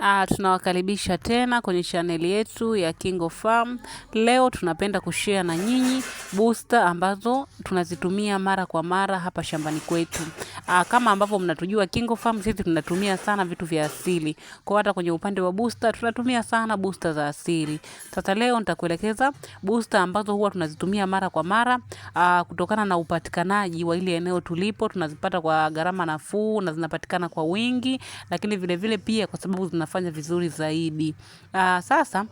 Ah, tunawakaribisha tena kwenye chaneli yetu ya Kingo Farm. Leo tunapenda kushare na nyinyi booster ambazo tunazitumia mara kwa mara hapa shambani kwetu. Aa, ah, kama ambavyo mnatujua Kingo Farm sisi tunatumia sana vitu vya asili. Kwa hata kwenye upande wa booster tunatumia sana booster za asili. Sasa leo nitakuelekeza booster ambazo huwa tunazitumia mara kwa mara aa, ah, kutokana na upatikanaji wa ile eneo tulipo tunazipata kwa gharama nafuu na zinapatikana kwa wingi, lakini vile vile pia kwa sababu zinafanya vizuri zaidi. Aa, ah, sasa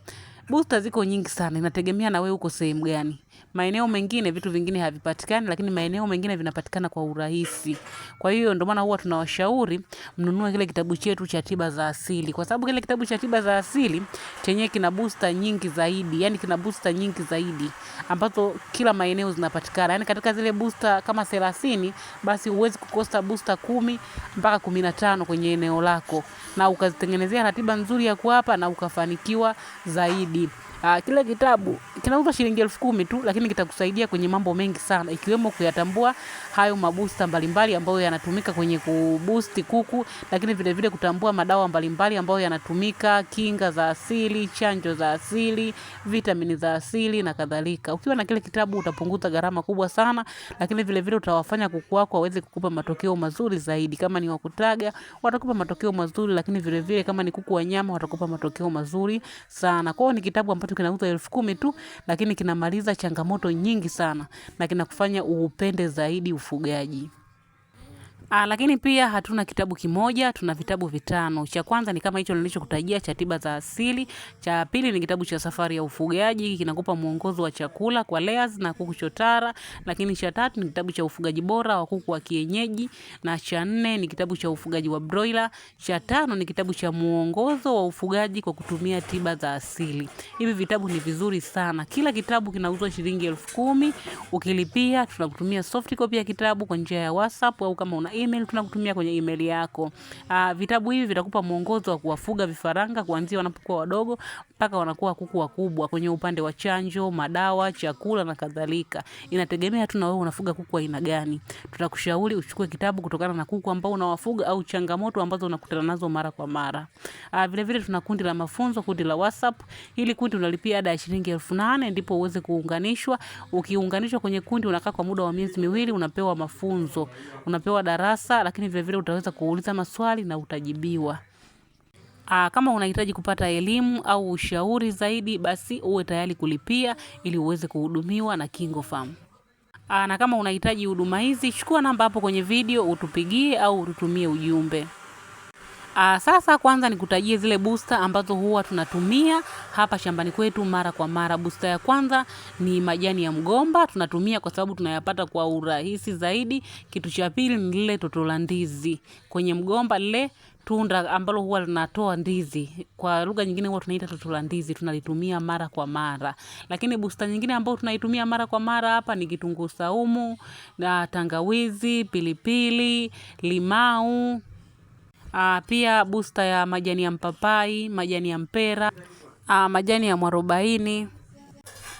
Booster ziko nyingi sana, inategemea na wewe uko sehemu gani. Maeneo mengine vitu vingine havipatikani, lakini maeneo mengine vinapatikana kwa urahisi. Kwa hiyo ndio maana huwa tunawashauri mnunue kile kitabu chetu cha tiba za asili, kwa sababu kile kitabu cha tiba za asili chenyewe kina booster nyingi zaidi, yani kina booster nyingi zaidi ambazo kila maeneo zinapatikana. Yani katika zile booster kama thelathini, basi huwezi kukosa booster kumi mpaka kumi na tano kwenye eneo lako, na ukazitengenezea ratiba nzuri ya kuapa na ukafanikiwa zaidi. di Uh, ah, kile kitabu kinauzwa shilingi elfu kumi tu, lakini kitakusaidia kwenye mambo mengi sana, ikiwemo kuyatambua hayo mabusta mbalimbali ambayo yanatumika kwenye kubusti kuku, lakini vile vile kutambua madawa mbalimbali ambayo yanatumika, kinga za asili, chanjo za asili, vitamini za asili na kadhalika. Ukiwa na kile kitabu utapunguza gharama kubwa sana, lakini vile vile utawafanya kuku wako waweze kukupa matokeo mazuri zaidi. Kama ni wakutaga watakupa matokeo mazuri, lakini vile vile kama ni kuku wa nyama watakupa matokeo mazuri sana. Kwao ni kitabu ambacho kitu kinauzwa elfu kumi tu, lakini kinamaliza changamoto nyingi sana na kinakufanya uupende zaidi ufugaji. Aa, ah, lakini pia hatuna kitabu kimoja, tuna vitabu vitano. Cha kwanza ni kama hicho nilichokutajia cha tiba za asili. Cha pili ni kitabu cha safari ya ufugaji, kinakupa mwongozo wa chakula kwa layers na kuku chotara. Lakini cha tatu ni kitabu cha ufugaji bora wa kuku wa kienyeji, na cha nne ni kitabu cha ufugaji wa broiler. Cha tano ni kitabu cha mwongozo wa ufugaji kwa kutumia tiba za asili. Hivi vitabu ni vizuri sana. Kila kitabu kinauzwa shilingi elfu kumi. Ukilipia tunakutumia soft copy ya kitabu kwa njia ya WhatsApp au kama una email tunakutumia kwenye email yako. Aa, ah, vitabu hivi vitakupa mwongozo wa kuwafuga vifaranga kuanzia wanapokuwa wadogo mpaka wanakuwa kuku wakubwa kwenye upande wa chanjo, madawa, chakula na kadhalika. Inategemea tu na wewe unafuga kuku aina gani. Tutakushauri uchukue kitabu kutokana na kuku ambao unawafuga au changamoto ambazo unakutana nazo mara kwa mara. Aa, ah, vile vile tuna kundi la mafunzo, kundi la WhatsApp. Hili kundi unalipia ada ya shilingi elfu nane ndipo uweze kuunganishwa. Ukiunganishwa kwenye kundi unakaa kwa muda wa miezi miwili unapewa mafunzo. Unapewa darasa darasa, lakini vilevile utaweza kuuliza maswali na utajibiwa. Aa, ah, kama unahitaji kupata elimu au ushauri zaidi, basi uwe tayari kulipia ili uweze kuhudumiwa na KingoFarm. Aa, ah, na kama unahitaji huduma hizi, chukua namba hapo kwenye video utupigie au ututumie ujumbe. Aa, ah, sasa kwanza nikutajie zile booster ambazo huwa tunatumia hapa shambani kwetu mara kwa mara. Booster ya kwanza ni majani ya mgomba tunatumia kwa sababu tunayapata kwa urahisi zaidi. Kitu cha pili ni lile toto la ndizi kwenye mgomba, lile tunda ambalo huwa linatoa ndizi, kwa lugha nyingine huwa tunaita toto la ndizi, tunalitumia mara kwa mara. Lakini booster nyingine ambayo tunaitumia mara kwa mara hapa ni kitunguu saumu na tangawizi, pilipili, limau Aa, ah, pia busta ya majani ya mpapai, majani ya mpera, aa, ah, majani ya mwarobaini,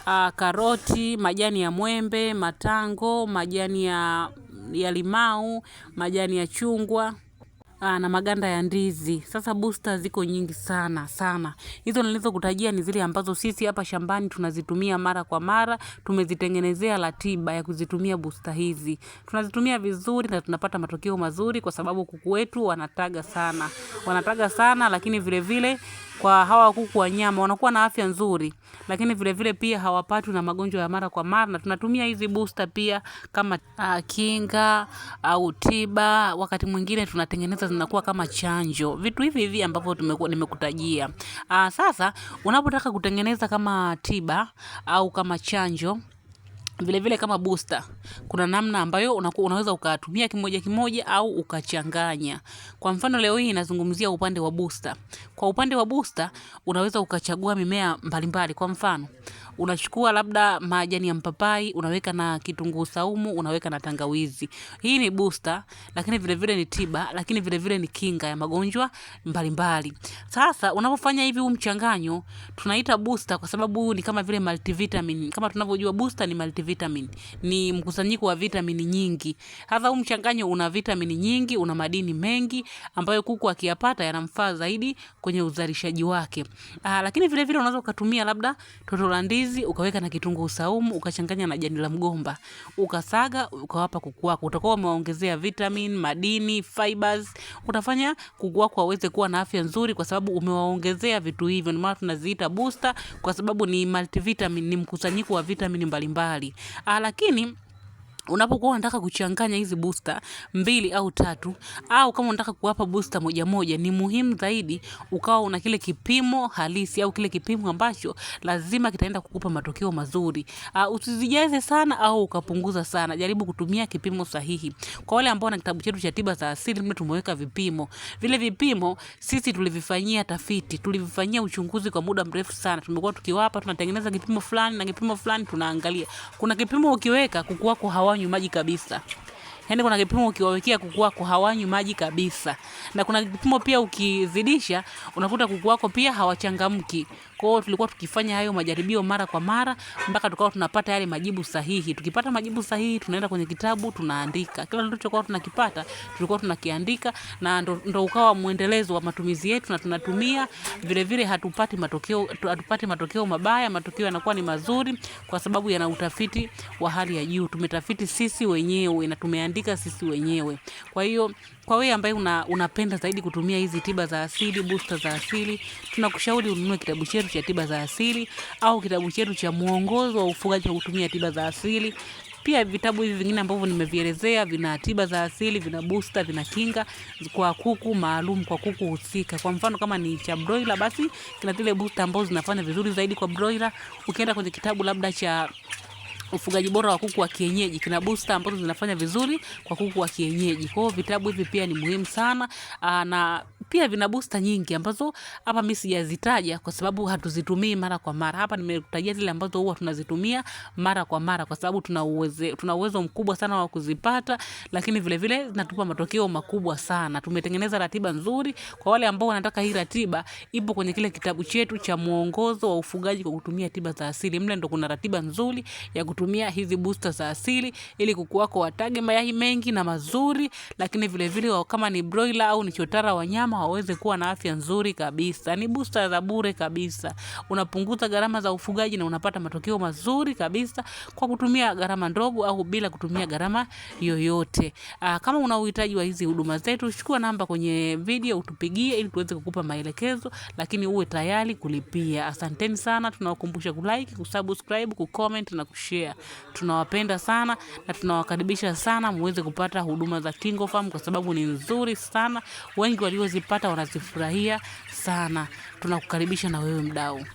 aa, ah, karoti, majani ya mwembe, matango, majani ya, ya limau, majani ya chungwa. Ah, na maganda ya ndizi. Sasa booster ziko nyingi sana sana. Hizo nilizokutajia ni zile ambazo sisi hapa shambani tunazitumia mara kwa mara, tumezitengenezea ratiba ya kuzitumia booster hizi. Tunazitumia vizuri na tunapata matokeo mazuri kwa sababu kuku wetu wanataga sana. Wanataga sana lakini vile vile kwa hawa kuku wa nyama wanakuwa na afya nzuri, lakini vile vile pia hawapatwi na magonjwa ya mara kwa mara, na tunatumia hizi booster pia kama uh, kinga au tiba. Wakati mwingine tunatengeneza zinakuwa kama chanjo, vitu hivi hivi ambavyo tumekuwa nimekutajia. Uh, sasa unapotaka kutengeneza kama tiba au kama chanjo Vilevile vile kama booster, kuna namna ambayo unaweza ukatumia kimoja kimoja au ukachanganya. Kwa mfano leo hii inazungumzia upande wa booster. Kwa upande wa booster, unaweza ukachagua mimea mbalimbali kwa mfano unachukua labda majani ya mpapai unaweka na kitunguu saumu unaweka na tangawizi. Hii ni booster, lakini vile vile ni tiba, lakini vile vile ni kinga ya magonjwa mbalimbali. Sasa unapofanya hivi huu mchanganyo tunaita booster kwa sababu ni kama vile multivitamin. Kama tunavyojua booster ni multivitamin. Ni mkusanyiko wa vitamini nyingi. Sasa huu mchanganyo una vitamini nyingi, una madini mengi ambayo kuku akiyapata yanamfaa zaidi kwenye uzalishaji wake. Ah, lakini vile vile unaweza ukatumia labda totolandi tangawizi, ukaweka na kitunguu saumu, ukachanganya na jani la mgomba, ukasaga, ukawapa kuku wako. Utakuwa umewaongezea vitamin, madini, fibers. Utafanya kuku wako waweze kuwa na afya nzuri kwa sababu umewaongezea vitu hivyo. Ndio maana tunaziita booster kwa sababu ni multivitamin, ni mkusanyiko wa vitamin mbalimbali. Ah, lakini Unapokuwa unataka kuchanganya hizi booster mbili au tatu au kama unataka kuwapa booster moja moja, ni muhimu zaidi ukawa una kile kipimo halisi au kile kipimo ambacho lazima kitaenda kukupa matokeo mazuri. Uh, usizijaze sana au ukapunguza sana. Jaribu kutumia kipimo sahihi. Kwa wale ambao na kitabu chetu cha tiba za asili mimi tumeweka vipimo. Vile vipimo sisi tulivifanyia tafiti, tulivifanyia uchunguzi kwa muda mrefu sana. Tumekuwa tukiwapa, tunatengeneza kipimo fulani na kipimo fulani tunaangalia. Kuna kipimo ukiweka kuku wako hawa hawanywi maji kabisa. Yaani kuna kipimo ukiwawekea kuku wako hawanywi maji kabisa, na kuna kipimo pia ukizidisha unakuta kuku wako pia hawachangamki. Kwa hiyo tulikuwa tukifanya hayo majaribio mara kwa mara mpaka tukawa tunapata yale majibu sahihi. Tukipata majibu sahihi, tunaenda kwenye kitabu tunaandika. Kila tulichokuwa tunakipata tulikuwa tunakiandika, na ndo, ndo ukawa mwendelezo wa matumizi yetu, na tunatumia vile vile. Hatupati matokeo, hatupati matokeo mabaya, matokeo yanakuwa ni mazuri kwa sababu yana utafiti wa hali ya juu. Tumetafiti sisi wenyewe na tumeandika sisi wenyewe. Kwa hiyo kwa wewe ambaye una, unapenda zaidi kutumia hizi tiba za asili, booster za asili, tunakushauri ununue kitabu chetu chetu cha tiba za asili au kitabu chetu cha mwongozo wa ufugaji kwa kutumia tiba za asili. Pia vitabu hivi vingine ambavyo nimevielezea vina tiba za asili, vina booster, vina kinga kwa kuku maalum kwa kuku husika. Kwa mfano kama ni cha broiler, basi kina zile booster ambazo zinafanya vizuri zaidi kwa broiler. Ukienda kwenye kitabu labda cha ufugaji bora wa kuku wa kienyeji, kina busta ambazo zinafanya vizuri kwa kuku wa kienyeji. Kwa hiyo vitabu hivi pia ni muhimu sana aa, ah, na pia vina busta nyingi ambazo hapa mimi sijazitaja kwa sababu hatuzitumii mara kwa mara. Hapa nimekutajia zile ambazo huwa tunazitumia mara kwa mara kwa sababu tuna uwezo tuna uwezo mkubwa sana wa kuzipata, lakini vile vile zinatupa matokeo makubwa sana. Tumetengeneza ratiba nzuri kwa wale ambao wanataka hii ratiba, ipo kwenye kile kitabu chetu cha mwongozo wa ufugaji kwa kutumia tiba za asili. Mle ndo kuna ratiba nzuri ya kutumia hizi booster za asili ili kuku wako watage mayai mengi na mazuri, lakini vile vile kama ni broiler au ni chotara wa nyama waweze kuwa na afya nzuri kabisa. Ni booster za bure kabisa. Unapunguza gharama za ufugaji na unapata matokeo mazuri kabisa kwa kutumia gharama ndogo au bila kutumia gharama yoyote. Aa, ah, kama una uhitaji wa hizi huduma zetu, chukua namba kwenye video utupigie ili tuweze kukupa maelekezo, lakini uwe tayari kulipia. Asanteni sana, tunawakumbusha kulike, kusubscribe, kucomment na kushare kuendelea. Tunawapenda sana na tunawakaribisha sana muweze kupata huduma za KingoFarm kwa sababu ni nzuri sana, wengi waliozipata wanazifurahia sana. Tunakukaribisha na wewe mdau.